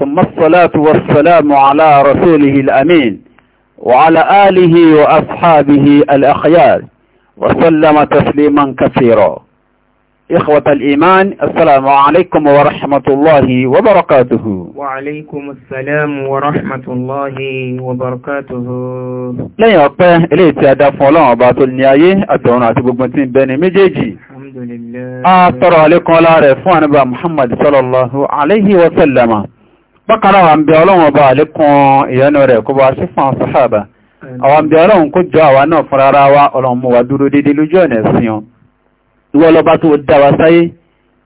ثم الصلاة والسلام على رسوله الأمين وعلى آله وأصحابه الأخيار وسلم تسليما كثيرا إخوة الإيمان السلام عليكم ورحمة الله وبركاته وعليكم السلام ورحمة الله وبركاته لا ọpẹ́ eléyìí tí a dá fún ọlọ́run ọba tó ní ayé àtọ̀run àti gbogbo tí ń bẹ ní méjèèjì a tọrọ bákan àwọn àmì ọlọ́run ọba àlékún ìyọ́nà rẹ̀ kó bá sí fún àṣàṣàbà àwọn àmì ọlọ́run kó jọ àwa náà fúnra ara wa ọlọ́run mú wa dúró dédé lójú ọ̀nà ẹ̀sìn ọ ìwọ lọba tó dá wa sáyé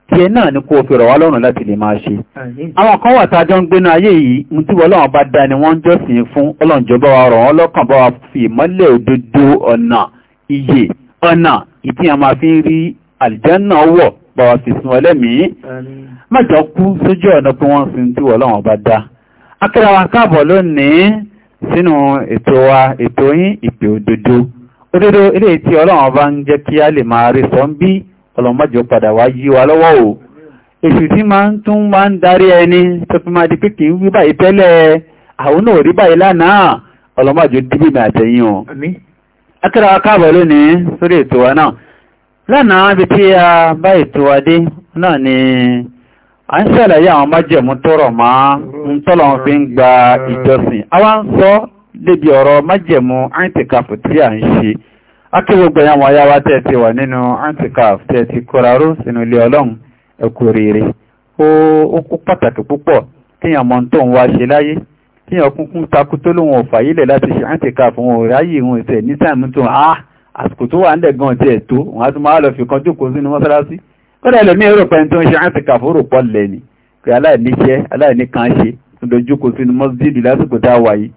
tí ẹ náà ní kó fi rọ̀ wá lọ́rùn láti lè máa ṣe àwọn kan wà tájọ́ ń gbénu ayé yìí mú tí ọlọ́run bá dá wọ́n ń jọ́sìn fún ọlọ́run mẹ́jọ kú sójú ọ̀nà pé wọ́n sin tí Ọlọ́run bá dá akẹ́rẹ́ wa káàbọ̀ lónìí sínú ètò wa ètò yín ìpè òdodo òdodo ilé tí Ọlọ́run bá ń jẹ́ kí a lè máa rí sọ ń bí ọlọ́mọ́jọ padà wá yí wa lọ́wọ́ o èsì tí máa ń tún máa ń darí ẹni tó fi máa di pé kì í wí báyìí tẹ́lẹ̀ àwọn náà rí báyìí lánàá ọlọ́mọ́jọ dígbìmọ̀ àtẹ̀yìn o akẹ́rẹ́ káàbọ̀ lónìí sórí ètò wa náà lánàá ibi tí a bá ètò wa dé náà ni a ń ṣàlàyé àwọn májẹ̀mú tọ́rọ̀ máa ń tọ́lọ̀ wọn fi ń gba ìjọsìn a wá ń sọ débi ọ̀rọ̀ májẹ̀mú antikaf tí a ń ṣe akíwògbè yàwọn ayáwá tẹ́ ti wà nínú antikaf tẹ́ ti kóraró sínú ilé ọlọ́run ẹ̀kú rere ó kú pàtàkì púpọ̀ kíyàn mọ́ tó ń wá ṣe láyé kíyàn kúnkún takú tó lóun ò fàyílẹ̀ láti ṣe antikaf wọn ò ráyè ìhun ìṣẹ̀ ní táìmù tó ah, àsìkò tó wà ń lẹ̀ tiẹ̀ tó wọn á tún máa lọ fi kan jókòó sínú mọ́sálásí kọ́dà lómi ẹ̀rọ pẹ̀lú tó ń ṣe àti kàfóró pọ̀ lẹ́ni pé aláìníṣẹ́ aláìníkanṣe tó dojúkọ sínú mọ́sídìí lásìkò tá a wà yìí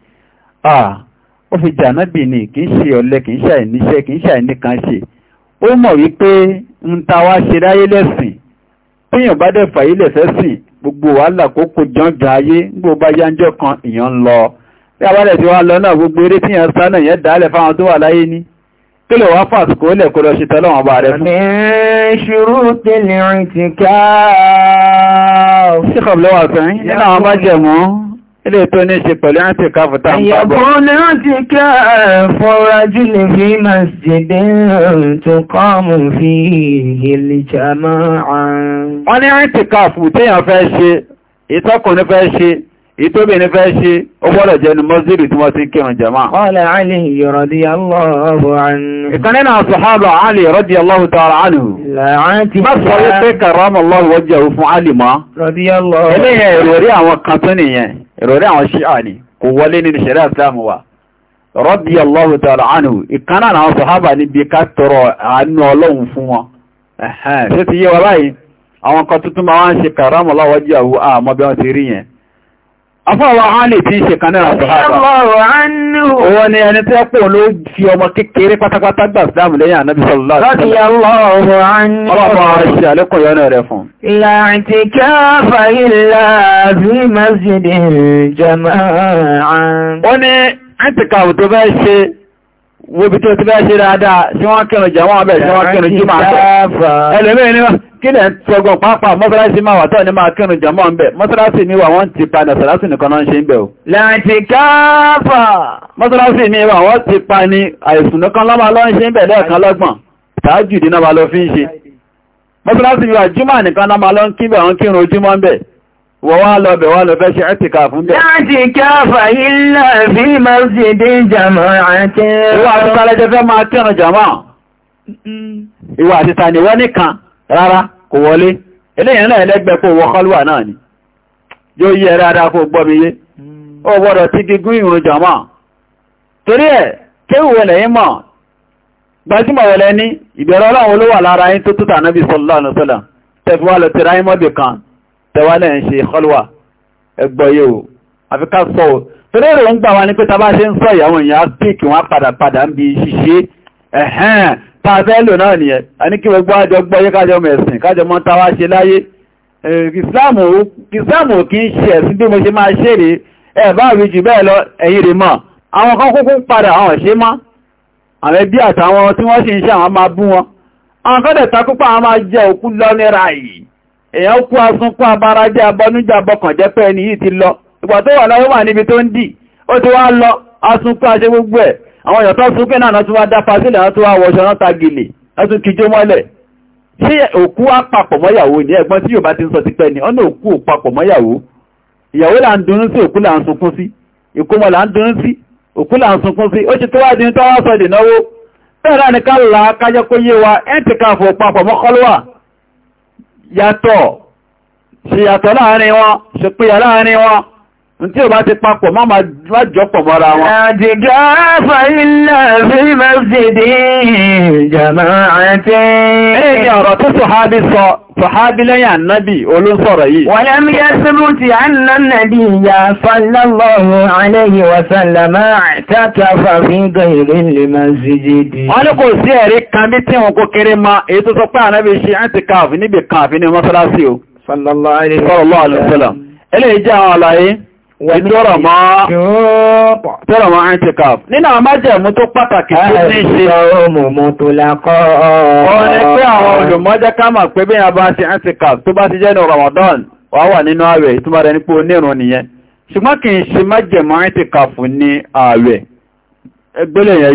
ó fi jànábì ni kì í ṣe ọ̀lẹ kì í ṣe àìníṣẹ́ kì í ṣe àìníkanṣe ó mọ̀ wípé ń ta wá ṣe ráyé lẹ́sìn téèyàn bá dẹ̀ fàyí lẹ̀fẹ́ sìn gbogbo wàhálà kókó jọ́njọ́ ayé gbogbo bá yánjọ́ kan ìyàn ń lọ bí abálẹ̀ tí wọ́n lọ náà gbogbo eré tíyàn sá náà yẹn dálẹ̀ fáwọn tó wà láyé ní kí lè wá fàtùkú ó lè kó lọ ṣe tọ́lọ́wọ̀n bá rẹ̀ fún. ní ṣúrú tí rìn ti káà. síkọ̀ lọ́wọ́ sẹ́yìn nínú àwọn bá jẹ̀mú ilé tó ní ṣe pẹ̀lú àti káfùtà ń pàbọ̀. ní wọ́n ti ká ìtóbìnrin fẹ́ ṣe ó gbọ́dọ̀ jẹnu mọ́sílì tí wọ́n ti kírun jàmáà. Qala Ali radiyallahu anhu. ìkan nínú sàhábà Ali radiyallahu ta'ala anhu. láàáńtì bá sọ wípé karramallahu wajhahu fún Ali mọ́. radiyallahu. eléyẹ ìròrí àwọn kan tó nìyẹn ìròrí àwọn ṣíà ni kò wọlé nínú ṣẹ̀ríà Islam wa. radiyallahu ta'ala anhu ìkan náà àwọn sàhábà níbi ká tọrọ àánú ọlọ́run fún wọn. ti yé wa báyìí àwọn kan tuntun máa ń ṣe karramallahu wajhahu àmọ́ bí wọ́n ti rí yẹn afọ́wà hálì tí ṣe kan náà wọ́n ni ẹni tí ẹpọ̀ ló fi ọmọ kékeré pátápátá gbà sílámù lẹ́yìn ànábì sọ́lọ́lá ọlọ́pàá ṣe àlékún yọ́nà rẹ̀ fún wọ́n ni ẹ̀tìkàwù tó bẹ́ ṣe wo bí tó ti bẹ́ ṣe dáadáa sí wọ́n kẹrùn jẹ́ wọ́n bẹ̀ sí wọ́n kẹrùn jùmọ̀ kí lẹ̀ ń tọgbọ̀n pápá mọ́sálásí máa wà tọ́ ní máa kírun jọmọ́ ń bẹ̀ mọ́sálásí mi wà wọ́n ti pa ní ọ̀sálásí nìkan náà ń ṣe ń bẹ̀ o. láti káfà. mọ́sálásí mi wà wọ́n ti pa ní àìsùn nìkan lọ́mọ lọ́ ń ṣe ń bẹ̀ lẹ́ẹ̀kan lọ́gbọ̀n tààjù dínà lọ fi ń ṣe. mọ́sálásí mi wà júmọ̀ nìkan náà máa lọ ń kí bẹ̀ ìwà àti tàlẹ́jẹ́ fẹ́ máa nìkan rárá kò wọlé eléyìn náà ẹlẹ́gbẹ́ kó wọ kọlùwà náà ni yóò yí ẹ̀rẹ́ adá kó gbọ́miyé hmm. ó gbọ́dọ̀ tí gígún ìrùn jọmọ́ torí ẹ̀ kéwùwẹ̀lẹ̀ yí mọ̀ gbajúmọ̀wẹ̀lẹ̀ ní ìbẹ̀rẹ̀ ọlọ́run ló wà lára yín tó tútà náà bí sallallahu alaihi wasallam tẹ̀fíwá lọ tẹ̀rá yín mọ́bì kan tẹ̀wálẹ̀ ń ṣe tààfẹ́ lò náà nìyẹn a ní kí gbogbo àjọ gbọ́yé kájọ mẹ̀sìn kájọ mọ́ tàwà ṣe láyé ìsìláàmù kí ń ṣe ẹ̀sìn bí mo ṣe máa ṣe rí ẹ̀bá rí jù bẹ́ẹ̀ lọ ẹ̀yìn rí mọ́ àwọn kan kúkú padà àwọn ṣe má àwọn ẹbí àtàwọn tí wọ́n ṣe ń ṣe àwọn máa bú àwọn èèyàn tó súnkẹ́ náà tó wá dá fásílẹ̀ náà tó wá wọṣọ náà tagìlì náà tó kíjó mọ́lẹ̀ ṣé òkú àpapọ̀ mọ́yàwó ni ẹ̀gbọ́n tí yóò bá ti ń sọ ti pẹ́ ni ọ́nà òkú òpapọ̀ mọ́yàwó ìyàwó là ń dunú sí òkú là ń sunkún sí ìkómọ là ń dunú sí òkú là ń sunkún sí ó ti tó wá sọ ìdìnáwó ká la tí ó bá ti papọ̀ má ma lájọpọ̀ mọ́ra wọn. àdìgá fàílà fil masjidi jama'ati. ẹni ọ̀rọ̀ tó sọ̀hábí sọ sọ̀hábí lẹ́yìn ànábì olóńsọ̀rọ̀ yìí. wa lam yasbuti anna nabiyya sallallahu alayhi wa sallam i'takafa fi ghayril masjidi. wọ́n ní kò sí ẹ̀rí kan bí tí wọn kó kéré ma èyí tó sọ pé ànábì ṣe i'tikaf níbi kan ní mọ́sálásí o. sallallahu alayhi wa sallam. eléyìí jẹ́ àwọn àlàyé Tọ́rọ̀mọ́ Antikaf. Nínú àwọn tó pàtàkì tó ní ṣe ọmọ tó lákọ́. Wọ́n ní pé àwọn olùmọ́jẹ́ pé bí bá tó bá ti jẹ́ ní Ramadan wà wà nínú onírun nìyẹn. Ṣùgbọ́n kì í ṣe májẹ̀mú Antikaf ní ààwẹ̀. Ẹgbẹ́lẹ̀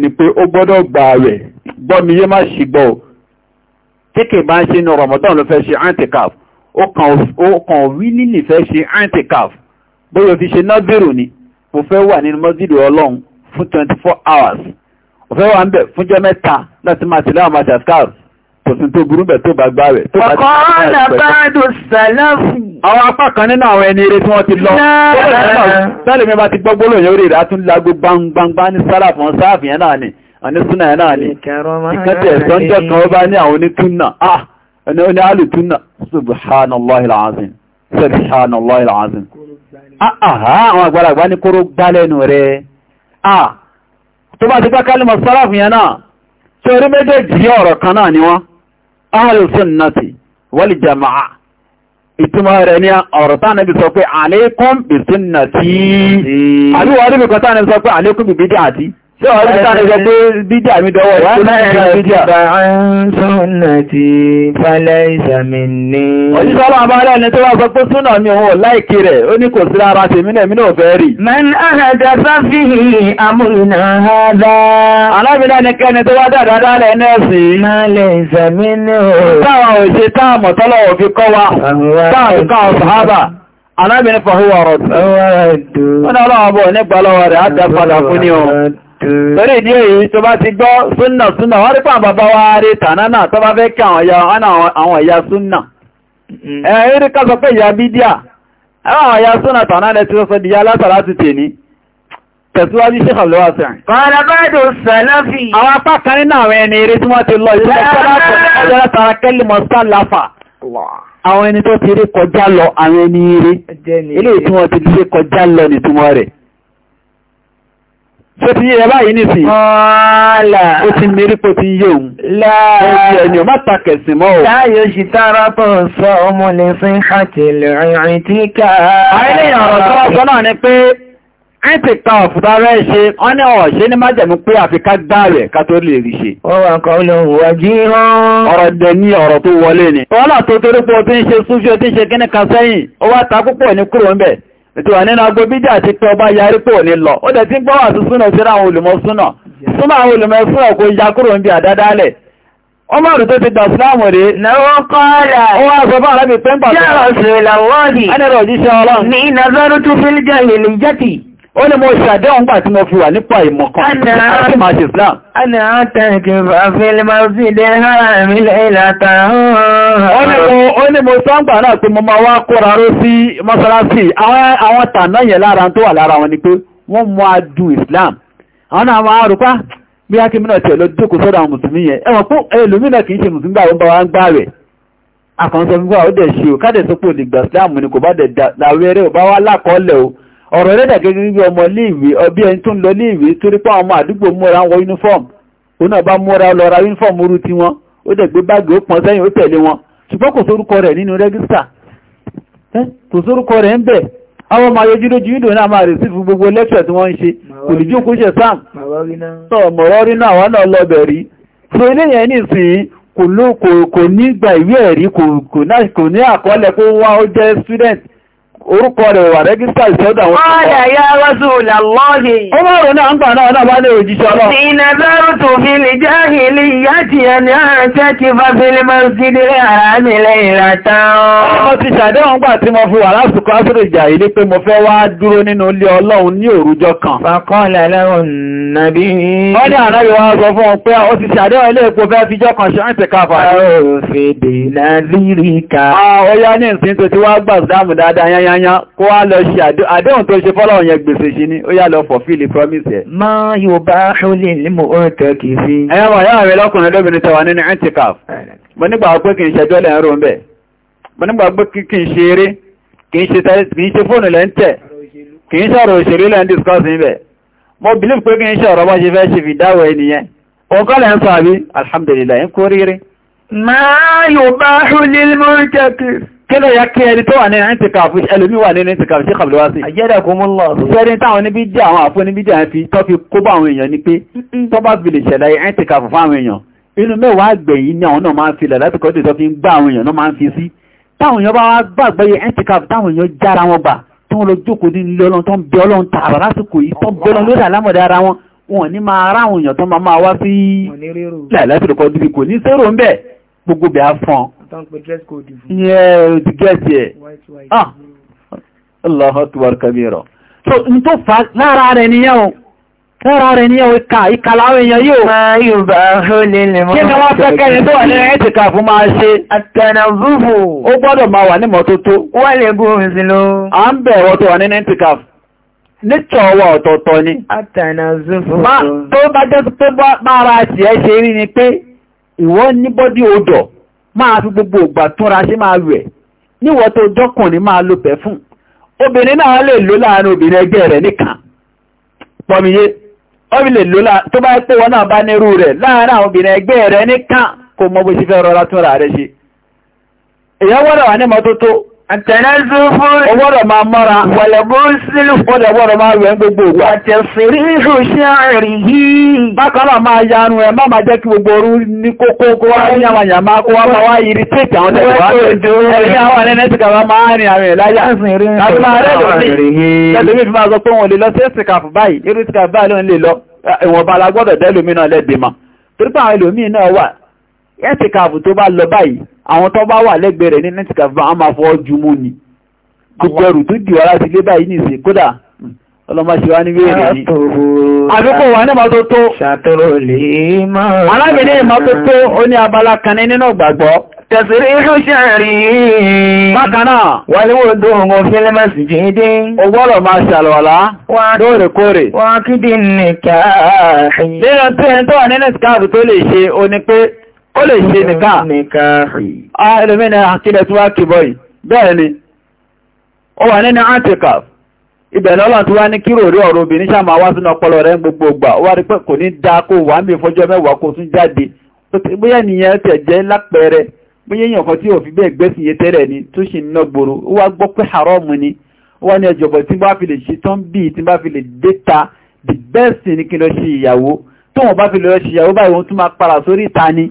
ni pé bá ń ṣe ní ló fẹ́ ṣe ó kàn wí nílì fẹ́ ṣe antikaf bóyá fi ṣe nọ́bìrù ni mo fẹ́ wà nínú mọ́sídìí ọlọ́run fún 24 hours mo fẹ́ wà níbẹ̀ fúnjọ́ mẹ́ta láti máa tẹ̀lé àwọn àjàkár kò sí tó burú bẹ̀ tó bá gbá rẹ̀ tó bá ti àwọn apá kan nínú àwọn ẹni eré tí wọ́n ti lọ tẹ́lẹ̀ mi bá ti gbọ́ gbólóyìn orí rẹ̀ á tún lágbo gbangbangba ní sáráàfù wọn sáàfù yẹn náà ni àní súnà yẹn náà ni ìkẹ́tẹ̀ ẹ̀sọ́ ń jọ́ kan ó bá ní àwọn onítúnà ah ẹni ó ní alùtúnà subhanallah alazim subhanallah alazim àhá ah, ah, ah, àwọn àgbàlagbà ní kóró gbálẹ́nu rẹ̀ ah tó bá ti gbá kálùmọ̀ sáràfù yẹn náà tí orí méjèèjì ọ̀rọ̀ kan náà ni wọ́n ahàlùsùnnàtì wal jama'a ìtumọ̀ rẹ̀ ní ọ̀rọ̀ tánàbí sọ Tí ọ̀rọ̀ ìta ẹgbẹ́ pé bídà mi dọwọ́ ìpínlẹ̀ bídà. Òjíṣẹ́ ọlọ́run bá rẹ̀ ní tó wá sọ pé súnà mi òun ò láìkí rẹ̀, ó ní kò sí ara tèmi náà mi náà fẹ́ rí. Mẹ́n àhàdà sáfihì àmúrinà hádá. Alábìlá ni kẹ́ni tó wá dàdá dálẹ̀ nẹ́ẹ̀sì. Mẹ́lẹ̀ ìsàmì ní o. Táwọn òṣè táàmù tọ́lọ̀wọ̀ fi kọ́ wa, táàmù káwọn sàhábà alábìnrin fàhúwà rọ̀dù. Wọ́n ni ọlọ́wọ́ bọ̀ nígbà lọ́wọ́ rẹ̀ á dá padà fún ní torí ìdí èyí tó bá ti gbọ́ súnà súnà wọ́n rí pàà bàbá wa rí tàná náà tó bá fẹ́ kí àwọn ẹ̀yà súnà ẹ̀rí ká sọ pé ìyà bídíà àwọn ẹ̀yà súnà tàná rẹ̀ ti sọ di alásàrá ti tè ní tẹ̀síwájú ṣékà lọ́wọ́ sẹ́rìn. kọ́lábàdò sàláfì. àwọn apá kan nínú àwọn ẹni eré tí wọ́n ti lọ ìṣẹ́ àwọn ẹni tó ti rí kọjá lọ àwọn ẹni eré ilé tí wọ́n ti rí kọjá lọ nìtumọ̀ rẹ̀ tó ti yé báyìí nìsí ọ̀ọ́lá ó ti mérí pé ti yé òun láàárín ẹni ọmọ tàkẹ̀sì mọ́ ò láàyò sí tára tó ń sọ ọmọ lè fi hàtì lẹ́rìn tí ká àìlèyàn ọ̀rọ̀ tó ọ̀sọ́ náà ni pé ń ti ka ọ̀fúta rẹ̀ ṣe wọ́n ní ọ̀rọ̀ ní májẹ̀mú pé àfi ká gbá rẹ̀ ká tó lè rí ṣe ọwọ́ kan ló ń wà jí hàn ọ̀rọ̀ dẹ̀ ní ọ̀rọ̀ tó wọlé ni ọlá tó torípò tí ń ṣe súnfí ó ti ń ṣe kíníkan sẹ́yìn ó wá ta púpọ̀ ní kúrò ń bẹ̀ ètò wà nínú agbó bídà ti pé ọba yarí pò ní lọ ó dẹ̀ tí ń gbọ́wà sí súnà síra àwọn olùmọ̀súnà súnmọ́ àwọn olùmọ̀súnà kò ya kúrò ń bí àdádálẹ̀ Ọmọrù tó ti dà síláàmù rí. Lọ́wọ́ kọ́ọ̀lá. Ó wá sọ fún àrábì pẹ́ńpà. Jẹ́ ọ̀sẹ̀ làwọ́ ni. Ẹni rọ̀ jíṣẹ́ ọlọ́run. Ní ìnàzọ́rú tó fi ń jẹ́ ìlú jẹ́tì. ó ní mo ṣàdéhùn gbà tí mo fi wà nípa ìmọ̀kan àti máa Islam. a ní àwọn tẹ̀kì fàfilẹ̀ máa sí ilé ara mi ìlàta ó ní mo sọ́ngbà náà pé mo máa wá kóra ró sí àwọn tànà yẹn lára tó wà lára wọn ni pé wọ́n Islam àwọn náà máa ah, bí a kí lọ jókòó sọ́dọ̀ àwọn mùsùlùmí yẹn pé ẹlòmínà kì í ṣe mùsùlùmí wọn fífọ́ àwọn dẹ̀ ṣe ò ni kò bá dẹ̀ ò ọ̀rọ̀ rẹ̀ dàgẹ́gẹ́ bí ọmọ iléèwé ọbí ẹni tó ń lọ iléèwé torí pé àwọn ọmọ àdúgbò múra wọ uniform òun náà bá múra lọ ra uniform orú ti wọn ó dẹ̀ gbé báàgì ó pọn sẹ́yìn ó tẹ̀lé wọn ṣùgbọ́n kò sórúkọ rẹ̀ nínú rẹ́gísítà kò sórúkọ rẹ̀ ń bẹ̀ àwọn ọmọ ayọjú lójú yìí lòun náà máa rè sí fún gbogbo lẹ́tọ̀ tí wọ́n ń ṣe kò ní gba ìwé ẹ̀rí kò ní àkọọ́lẹ̀ pé wá ó jẹ́ student orúkọ rẹ̀ wà rẹ́gísítà ìṣẹ́dà wọn. Ọ̀rẹ́ ya Rasulullahi. Ó máa rò náà ń gbà náà náà bá lè òjíṣẹ́ ọlọ́run. Ìnàbẹ́rù tó fi lè jáhìlì ìyá ti ẹni àrẹ́tẹ́ ti bá fi lè máa sí ní àrẹ́mì lẹ́yìn látán. Mo ti ṣàdéhùn gbà tí mo fi wà lásìkò àṣírí ìjà ilé pé mo fẹ́ wá dúró nínú ilé ọlọ́run ní òrùjọ kan. Fàkọ́lẹ̀ lẹ́rùn nàbí. Wọ́n ní ànábì wa sọ fún yanyan kó wá lọ ṣe àdéhùn tó ṣe fọ́lọ́run yẹn gbèsè ṣe ní ó yá lọ fulfill promise ẹ̀. má yóò bá ṣúlẹ̀ nímọ̀ ọ̀tọ̀ kìí sí. ẹ̀yàn wà yára rẹ̀ lọ́kùnrin lóbìnrin tẹwà nínú antikaf mo nígbà pé kì ṣẹjọ́ lẹ̀ ń rò ń mo nígbà pé kì ṣe eré kì ṣe fóònù lẹ́ ń tẹ̀ kì í ṣọ̀rọ̀ òṣèlú lẹ́ ń discuss níbẹ̀ mo believe pé kì í ṣọ̀rọ̀ bá ṣe fẹ́ ṣe fi dáwọ̀ ẹnìyẹn òkọ́ lẹ́ ń sọ àbí alhamdulillah ń kó rírì. má yóò bá ṣúlẹ̀ nímọ̀ ọ̀tọ̀ kìí kílò ya kí ẹni tó wà ní ìntìkàfù ẹlòmí wà nínú ìntìkàfù sí kàbùlọ́wà sí ayẹ́dẹ̀kúnmúlọ̀ sẹ́rin táwọn níbi jẹ́ àwọn àfún níbi jẹ́ fi tọ́ fi kó bá àwọn èèyàn ni pé tọ́ bá fi lè ṣẹ̀dá ni àwọn náà máa ń filẹ̀ láti kọ́dù tó fi ń gbá àwọn èèyàn náà máa ń fi sí táwọn èèyàn bá wá gbàgbé ìntìkàfù táwọn èèyàn jára wọn gbà tó ń lọ jókòó ní ilé ọlọ́run tó ń bẹ ọlọ́run tààrà lásìkò yìí tó ń bẹ ọlọ́run máa ráwọn èèyàn tó máa máa wá sí láìláṣìlẹ̀ kọ́dù kò ní sẹ́rò ń bẹ̀ gbogbo bẹ̀ á fọn tán pé dress code fún. yẹ o ti gẹ̀ẹ́sì ẹ̀ ah Allahu akbar kabira so n tó fa lára rẹ̀ nìyẹn o lára rẹ̀ nìyẹn o ìka ìkàlà àwọn èèyàn yóò. máa yóò bá ó lè lè mọ́. kí ni wọ́n fẹ́ kẹ́ni tó wà nínú ẹ̀ ti kà fún máa ṣe. àtẹnà búbù. ó gbọ́dọ̀ máa wà ní mọ́tótó. wọ́n lè bú omi sí ló. à ń bẹ̀ wọ́n tó wà nínú ẹ̀ ti kà nítọ̀ ọwọ́ ọ̀tọ̀ọ̀tọ̀ ni. tó bá jẹ́ máa fi gbogbo ògbà túnra ṣe máa wẹ̀ níwọ̀ tó jọ́kùnrin máa lo pẹ̀fún obìnrin náà lè lò láàrin obìnrin ẹgbẹ́ rẹ̀ nìkan pọ̀mìyé obìnrin lè lò tó bá pé wọn náà bá nírú rẹ̀ láàrin àwọn obìnrin ẹgbẹ́ rẹ̀ nìkan kò mọ bó ṣe fẹ́ rọra túnra rẹ̀ ṣe èèyàn wọ́n wà ní mọ́tótó Àtẹ̀lẹ́súfú ọwọ́rọ̀ máa mọ́ra, wọ̀lẹ̀bó sílù fọ́lẹ̀ ọwọ́rọ̀ máa rẹ̀ gbogbo ògbà. Àtẹ̀sìrí ṣe àrì yìí. Bákanà máa yanu ẹ máa máa jẹ́ kí gbogbo orú ní kókó kó wá ní àwọn àyàmá kó wá máa wá irritate àwọn tẹ̀síwá. Ẹ̀rí ẹ́tìkàfù tó bá lọ báyìí àwọn tó bá wà lẹ́gbẹ̀ẹ́ ní ẹ́tìkàfù bá máa fọ́ ojú mú ni gbogbo ẹrù tó dì wọ́lá sí lé báyìí nìsí kódà ọlọ́mọṣe wá ní wéèrè ni àdúgbò wà ní ìmọ́tótó alábìnrin ìmọ́tótó ó ní abala kan nínú ìgbàgbọ́ tẹ̀sìrí iṣu ṣẹ̀rí bákanáà wà ní wòdó ọmọ fílẹ́mẹ̀sì jíndé ọgbọ́rọ̀ máa ṣàlọ́lá lóòrèkóòrè wọ́n kí dín nìkàá ó lè ṣe nìká ẹlòmínà àkílẹ̀ tí wá kì bọ́ì bẹ́ẹ̀ ni ó wà nínú antika ìbẹ̀lẹ̀ ọlọ́run tí wá ní kírò rí ọ̀rọ̀ obìnrin sáàmà wá sínú ọpọlọ rẹ̀ gbogbo ìgbà ó wá rí pé kò ní dá kó wà ń bí fọjọ́ mẹ́wàá kó ni tó tí bá fi lè ṣe tán bíi tí bá fi lè dé the best ni kí lọ ṣe ìyàwó tóun bá fi lọ ṣe ìyàwó báyìí wọ́n tún máa para sórí ìta ni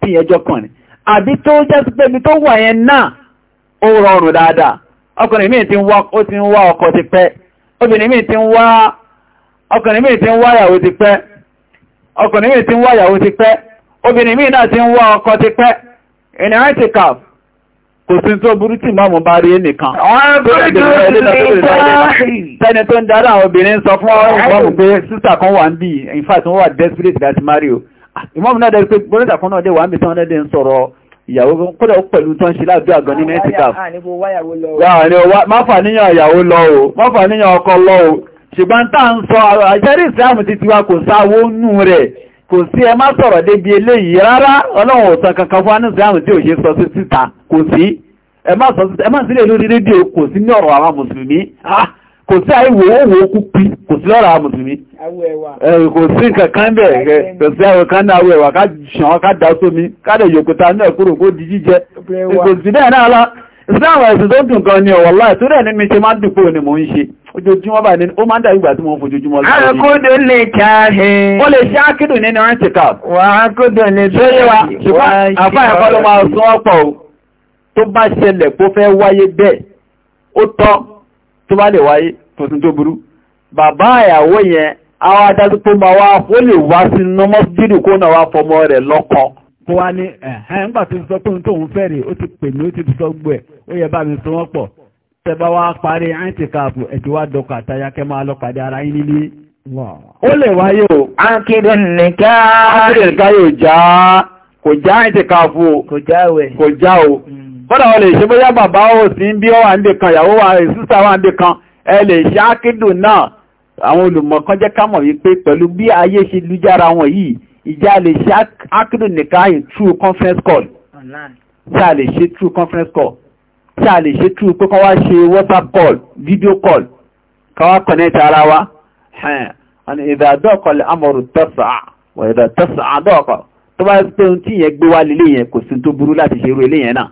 tí yẹn jọkùnrin àbí tó jẹ́ sí pé ibi tó wà yẹn náà ó rọrùn dáadáa ọkùnrin míì ti ń wá ó ti ń wá ọkọ ti pẹ́ obìnrin ti ń wá ọkùnrin míì ti ń wá ìyàwó ti pẹ́ ọkùnrin ti ń wá ìyàwó ti obìnrin míì náà ti ń wá ọkọ ti pẹ́ ti kò sí tó burú tí máàmù bá rí nìkan. tẹ́ni tó ń darí àwọn obìnrin sọ fún ọmọ ìmọ́mù náà dẹ́rí pé bọ́lẹ́dà kan náà dé wà ń bí tán dẹ́dẹ́ ń sọ̀rọ̀ ìyàwó kódà ó pẹ̀lú tán ṣe láàbí àgàn ní nẹ́tìkàf máfàníyàn ìyàwó lọ o máfàníyàn ọkọ lọ o ṣùgbọ́n tá ń sọ àjẹ́rí ìsìláàmù ti tiwa kò sáwó nù rẹ̀ kò sí ẹ má sọ̀rọ̀ débi eléyìí rárá ẹ má sílẹ̀ lórí rédíò kò sí ní ọ̀rọ̀ àwọn mùsùlùmí ah kò sí àìwò owó okú pi kò sí lọ́rọ̀ àmùsùnmí kò sí kankan bẹ̀ kò sí àwọn kan náà awẹ́wà ká ṣàn ká dá sómi ká dẹ̀ yòkúta náà kúrò kó di jíjẹ kò sí bẹ́ẹ̀ náà lá ìsìláàmù ẹ̀sìn tó dùn kan ni ọ̀wọ̀ láì tó rẹ̀ ní mi ṣe máa dùn pé ni mò ń ṣe ojoojúmọ́ báyìí ó máa ń dà ìgbà tí mo ń fojoojúmọ́ lọ́wọ́ àkódò lè káàhẹ́ ó lè ṣe ákìdù nínú rántíkà wà ákódò lè káàhẹ́ àfáàkọ́ ló máa sún ọ̀pọ̀ tó bá ṣẹlẹ̀ kó fẹ́ wáyé bẹ́ẹ̀ ó tọ́ tó bá lè wáyé kò tó burú bàbá àyàwó yẹn àwọn adájú pé máa wá lè wá sí nọmọ jídù kó náà wá fọmọ rẹ̀ lọ́kọ. kó wá ní ẹ̀hẹ́n nígbà tó ń sọ pé tóun fẹ́ ó ti pè ó ti sọ mi so pọ̀ tẹ́ bá wá parí àǹtí káàpù ẹ̀ ti wá dọkọ̀ àtayá kẹ́ máa lọ pàdé o. akéde nìkà. akéde nìkà yóò já kò já àǹtí káàpù o. kò já o. Mm. kò o. ẹ lè ṣe ákídù náà àwọn olùmọ̀kan jẹ́ ká mọ̀ wípé pẹ̀lú bí ayé ṣe lújára wọn yìí ìjà lè ṣe nìkan in true conference call ṣá lè ṣe true conference call ṣá lè ṣe true pé kán ṣe whatsapp call video call kán wá connect ara wa ìdàdọ́kọ̀ lè amọ̀rù tẹ́sàá wọ̀ ìdàtẹ́sàá dọ́kọ̀ tó bá pé ohun tí yẹn gbé wá lélé yẹn kò sí tó burú láti ṣe irú eléyẹn náà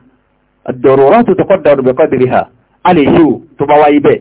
àdọ̀rọ̀ ọ̀rọ̀ tó tọkọ̀ dàrú bẹ̀kọ́ dèrè ha a lè ṣe ò tó bá wáyé bẹ́ẹ̀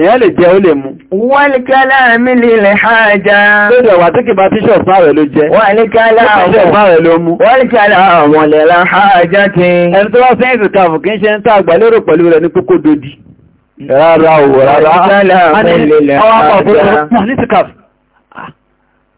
èyàn lè jẹ ó lè mú. wọ́lìkálá mi lè lè ha já. lódò wà tí kì bá tíṣọ̀ fáwẹ̀ ló jẹ. wọ́lìkálá àwọn lè la ha já ti. ẹni tó wá sẹ́yìn kìkà fún kí ń ṣe ń tà àgbà lérò pẹ̀lú rẹ̀ ní kókó dodi. rárá o rárá. wọ́lìkálá mi lè lè ha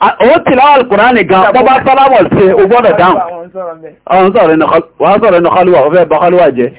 ó ti láwà alkùnránì gan tó bá sálámọ̀ sí o gbọ́dọ̀ dáhùn ọ̀hún sọ̀rọ̀ ẹnu kọlùwà ọ̀fẹ́ bá kọlùwà jẹ́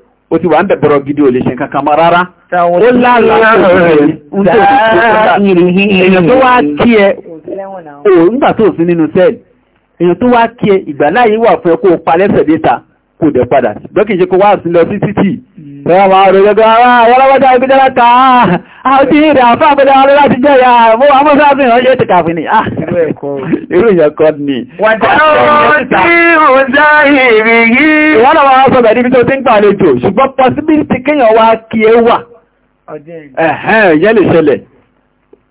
ó ti wà ń bẹ̀bọ̀rọ̀ gidi ò lè ṣe kankan mọ́ rárá ó lálàá èèyàn tó wá kí ẹ ò nígbà tó sí nínú sẹ́ẹ̀lì èèyàn tó wá kí ẹ ìgbàláyé wà fún ẹ kó o pa lẹ́sẹ̀ déta kó o dẹ̀ padà dọ́kì ṣe kó wá sí lọ sí títì Ẹwà máa rẹ̀ gẹ́gẹ́ ara wọ́lọ́wọ́dá ìgbẹ́jẹ́ láta àti ìrẹ̀ àfáàbẹ̀dẹ̀ alẹ́ láti jẹ́ ìyá mú amúsáàfin ọjọ́ ti kàfin ni. Ah, irú ìyọ̀kọ́ ni. Wọ́n tí ó dá ìrì yìí. Wọ́n lọ wá sọ̀bẹ̀ níbi tó ti ń gbàlejò ṣùgbọ́n possibility kéèyàn wá kí é wà. Ẹ̀hẹ́n ìyẹn lè ṣẹlẹ̀.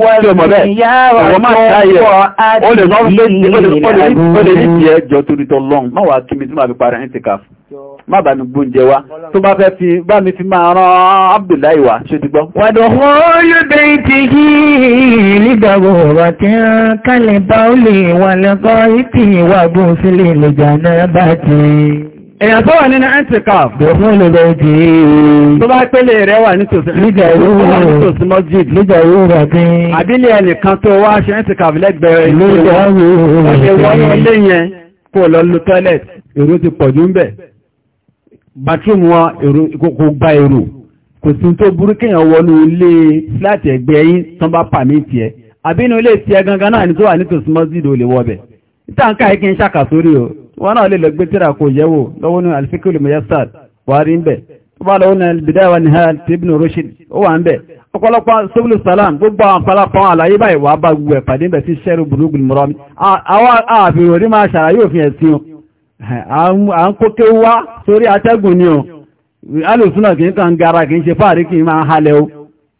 wọ́n ìyá ọ̀pọ̀ àdìyàwó má bá mi gbóúnjẹ wá tó bá fẹ́ fi bá mi fi máa rán Abdullahi wá ṣe ti gbọ́. wàdọ̀ olùbẹ̀ ti yí nígbàgbọ́ ọ̀rọ̀ tí ń kálẹ̀ bá ó lè wà lẹ́kọ́ ìtì ìwà gbóhùn sílé ìlẹ̀jà náà bá ti èyàn tó wà nínú antikaf bẹ̀rún lè lọ jẹ́ èèyàn tó bá pẹ́lẹ̀ rẹ̀ wà nítòsí mọ́jìd nígbà yóò rà bí àbílẹ̀ ẹnìkan tó wá ṣe antikaf lẹ́gbẹ̀ẹ́ ìlú ìwọ̀n kò sí tó burú kíyàn wọnú ilé láti ẹgbẹ́ yín tán bá pàmí tí ẹ àbínú ilé tí ẹ gangan náà ní tó wà nítòsí mọ́sídò lè wọ́bẹ̀ ìtànká ikin ṣàkàsórí o wọn náà lè lọ gbé tíra kò yẹ̀wò lọ́wọ́ ní alifikul muyassar wà rí ń bẹ̀ tó bá lọ́wọ́ ní albidaya wa nihaya ti ibn rushd ó wà ń bẹ̀ ọ̀pọ̀lọpọ̀ sọ́bùlù salam gbogbo àwọn falafan àlàyé báyìí wà bá gbogbo ẹ̀pàdé bẹ̀ sí sẹ́rù burúkún ni o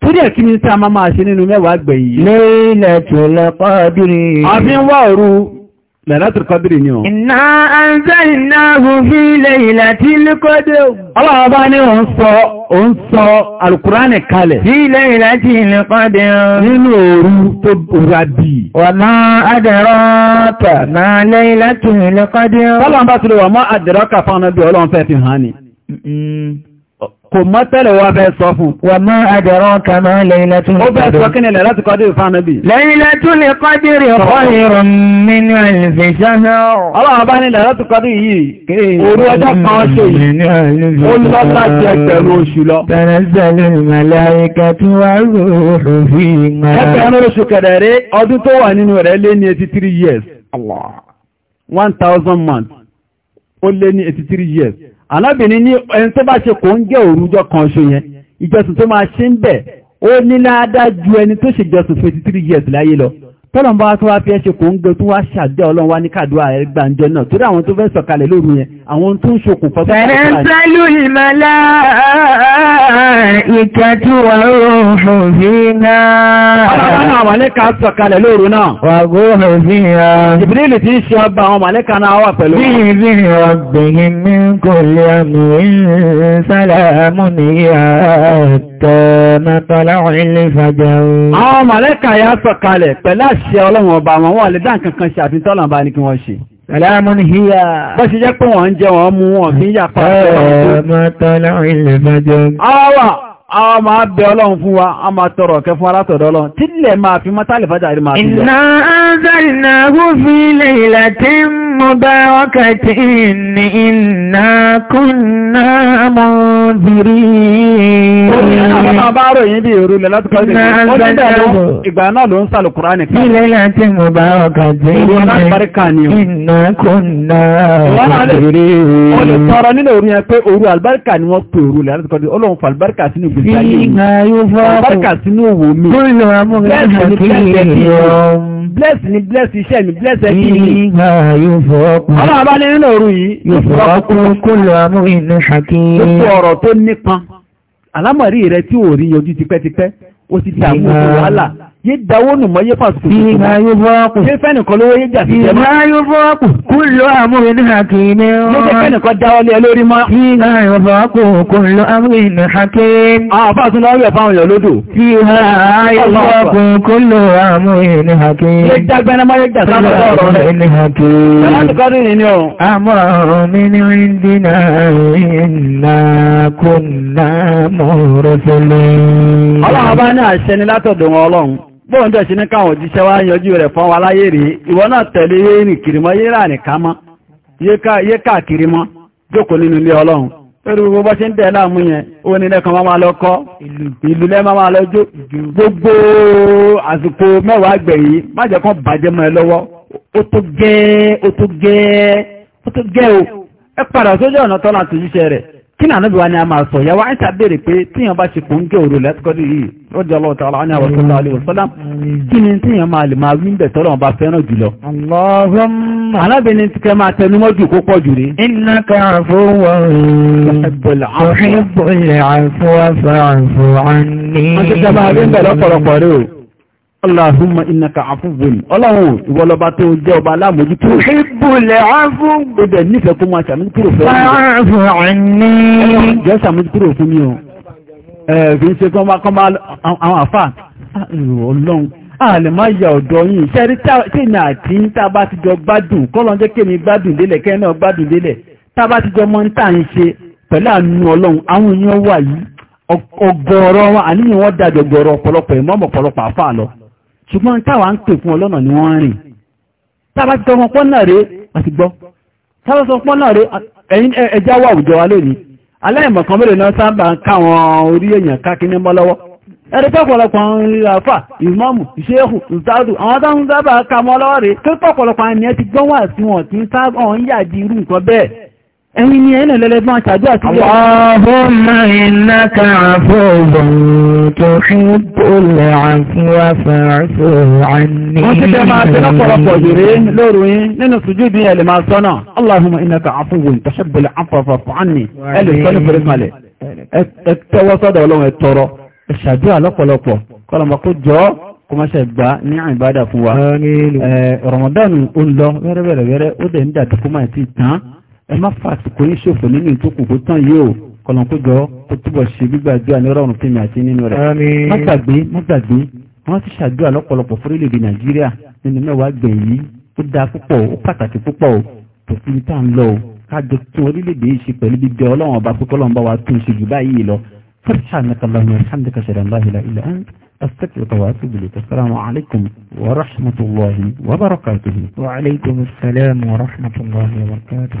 torí ẹ̀kí ni tí a máa máa ṣe nínú mẹ́wàá gbẹ̀yìn Laylatul Qadri àbí ń wá òru Laylatul Qadri ni ọ̀ Inna anzalnahu fi Laylatil Qadri ọlọ́wọ́ bá ní òun sọ òun sọ alukùránì kalẹ̀ fi Laylatil Qadri nínú òru tó rà bí wa ma adraka ma Laylatul Qadri ọlọ́wọ́ bá ti lè wà mọ́ àdẹ̀rọ́kà kò mọ́ tẹ́lẹ̀ wọ́n fẹ́ sọ fún. wà mọ́ àjẹ̀rán kàmọ́ Laylatul Qadr. ó bẹ́ sọ kí ni Laylatul Qadr fánàbí. Laylatul Qadr khayrun min alfi shahr. ọlọ́run bá ní Laylatul Qadr yìí òru ọjọ́ kan ṣe yìí ó lọ láti ẹgbẹ̀rún oṣù lọ. tanazzalul malaikatu war nínú rẹ̀ lé one thousand months ó lé ní years alábìnrin ní ẹni tó bá ṣe kò ń gẹ́ òrùjọ kan ṣo yẹn ìjọsìn tó máa ṣe ń bẹ̀ ó ní láádá ju ẹni tó ṣèjọsìn 23 years láyé lọ tọ́lọ̀n bá tó wá fi ẹ́ṣe kò ń gẹ tó wá ṣàdé ọlọ́run wá ní kàdúrà ẹgbàǹjẹ́ náà torí àwọn tó fẹ́ sọ̀kalẹ̀ lóru yẹn àwọn tó ń ṣokùn fọ́ Tẹ̀rẹ́sẹ́lú ìmọ̀lá ìkẹtù ọ̀rọ̀ fìhìnà. Ọlọ́run náà màlẹ́kà sọ̀kalẹ̀ lóru náà. Wàgó fìhìnà. Ìbílílì tí ń ṣe ọba àwọn màlẹ́kà náà wà pẹ̀lú. Bí ìbílì àṣẹ ọlọ́run ọba wọn wọ́n lè dán kankan ṣe àfihàn tọ́lọ̀ bá ní kí wọ́n ṣe Sàlámù ní híyà. Bọ́ ṣe jẹ́ pé wọ́n ń wọ́n mú wọn fi ń yà pàtàkì. Ọ̀rọ̀ mọ́tọ́lá ilẹ̀ mọ́jọ́. Ọwà a máa bẹ ọlọ́run fún wa a máa tọrọ ọ̀kẹ́ fún alátọ̀dọ̀ ọlọ́run tí lẹ̀ máa fi mọ́tàlì fàjà rí máa fi jọ. iná ánzàrìnà náà ló ń Ilẹ̀ ìlà tí mo bá wákàtí iná kúnná mọ́bìrí. Ó lè tọrọ nínú òru yẹn pé òru àlùbáríkà ni wọ́n pe òru Fíìmà yóò fọ́. Bárkà sínú mi. Kó lọ amúgbẹ́ náà kí ni ọ. Bless ni bless iṣẹ́ mi, bless ẹ kí ni. Fíìmà ní nínú òru yìí. Yóò fọ́ ọkùnrin kó lọ amúgbẹ́ náà ṣàkí. Gbogbo ọ̀rọ̀ tó nípọn. Àlámọ̀rí rẹ tí ò rí yanjú tipẹ́tipẹ́, ó ti ti àmúgbò wàhálà yé dáwó nù mọ́ yé fàṣù kò sí ma yóò fọ́ọ̀kù yé fẹ́nìkan lówó yé jà sí jẹ́ ma yóò fọ́ọ̀kù kú lọ amúrin hakimi ló jẹ́ fẹ́nìkan dáwọ́ lé lórí mọ́ sí ma yóò fọ́ọ̀kù kú lọ amúrin hakimi àwọn fàṣù náà rẹ̀ fáwọn èèyàn lódò sí ma yóò fọ́ọ̀kù kú lọ amúrin hakimi yé dágbẹ́ná mọ́ yé jà sí ọlọ́run ọba náà ṣẹni látọ̀dọ̀ wọn ọlọ́run bóhun tẹ́ sí ní káwọn òjíṣẹ́ wá yanjú rẹ̀ fún wa láyé rí ìwọ náà tẹ̀lé yé ní kìrìmọ́ yé rà nìkà mọ́ yé mọ́ jókòó nínú ilé ọlọ́run lórí gbogbo bọ́ sí ń ó ní lẹ́kan máa lọ kọ́ ìlú máa lọ jó gbogbo àsìkò mẹ́wàá àgbẹ̀ má rọ́dí ọlọ́ta aláwọ̀ àwọn ọ̀sọ́lá alẹ́wọ̀sọ́lá kí ni tí yẹn máa lè máa wí ń bẹ̀ tọ́lọ̀ bá fẹ́ràn jùlọ alábìnrin ti kẹ máa tẹnumọ́ jù kó pọ̀ jù rí innaka afuwwun tuhibbul afwa Allahumma innaka afuwwun ọlọ́run ẹ̀ẹ̀fin ṣe kọ́ máa kọ́ máa àwọn àfà ah, ọlọ́run ààlè máa yà ọ̀dọ̀ yìí ṣẹ́rí tèmi àti tá bá ti jọ gbádùn kọ́lọ́n jẹ́ kémi gbádùn délẹ̀ kẹ́rin náà gbádùn délẹ̀ tá bá ti jọ mọ́ ń tà ń ṣe pẹ̀lú àánú ọlọ́run àwọn èèyàn wà yìí ọgọ́rọ̀ wọn àníyàn wọn dájọ gbọ́rọ̀ ọ̀pọ̀lọpọ̀ ìmọ̀ọ́mọ̀ ọ̀pọ̀lọpọ̀ àfà lọ ṣùgbọ́n táwa ń pè fún ọlọ́nà ni wọ́n rìn tá ti tọ́ wọn pọ́n náà rèé àti gbọ́ tá bá sọ pọ́n náà rèé ẹ̀já wà àwùjọ wa lónìí aláìmọ̀kan mẹ́rin náà sábà ń káwọn orí èèyàn kákíní mọ́ lọ́wọ́ ẹ̀rẹ́ pọ̀pọ̀lọpọ̀ ìràfà ìmọ́mù ìṣẹ́hù ìsáàdù àwọn tó ń sábà ká mọ́ lọ́wọ́ rẹ̀ tó pọ̀pọ̀lọpọ̀ àìní ẹ ti gbọ́n wà sí wọn tí sábà ń yàjí irú nǹkan bẹ́ẹ̀ ẹ̀yin ni ẹ̀nà lẹ́lẹ́gbọ́n àtàdé àtúgbọ́. Allahumma innaka afuwwun tuhibbul afwa fa'fu anni. Wọ́n ti tẹ́ máa tẹ́ lọ́pọ̀lọpọ̀ yìí lóru yín nínú sùjúdù ẹ lè máa sọ́nà. Allahumma innaka afuwwun tuhibbul afwa fa'fu anni. Ẹ lè sọ́nà fẹ́rẹ́ malẹ̀. Ẹ tẹ́wọ́ sọ́dọ̀ Ọlọ́run ẹ tọrọ. Ẹ ṣàdúrà lọ́pọ̀lọpọ̀. Kọ́lọ̀mọ kó jọ kó má ṣe gbà ní àìbádà fún wa. Ramadan ń lọ wẹ́rẹ́wẹ́rẹ́ ó dẹ̀ ń dàdúkú máa ti tán ẹ má fàtìkò yín ṣòfò nínú ìtókù kó tán yìí o kọ̀nà kó jọ kó túbọ̀ ṣe gbígbàdúrà ní ọ̀rọ̀ fèmí àti nínú rẹ̀. má gbàgbé má gbàgbé wọ́n ti ṣàdúrà lọ́pọ̀lọpọ̀ fórílẹ̀-èdè nàìjíríà nínú mẹ́wàá gbẹ̀yìn yìí ó dáa púpọ̀ ó pàtàkì púpọ̀ ó kò sí ní tá lọ ó kájọ tún orílẹ̀-èdè yìí ṣe pẹ̀lú bíbẹ ọlọ́run ọba pípọ́ ọlọ́run bá wa tún ṣe jù báyìí lọ. سبحانك اللهم وبحمدك اشهد ان لا اله الا انت استغفرك واتوب اليك السلام عليكم ورحمة الله وبركاته وعليكم السلام ورحمة الله وبركاته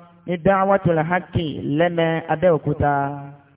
ní dáwàtúlá hákì lẹ́mẹ́ abẹ́òkúta.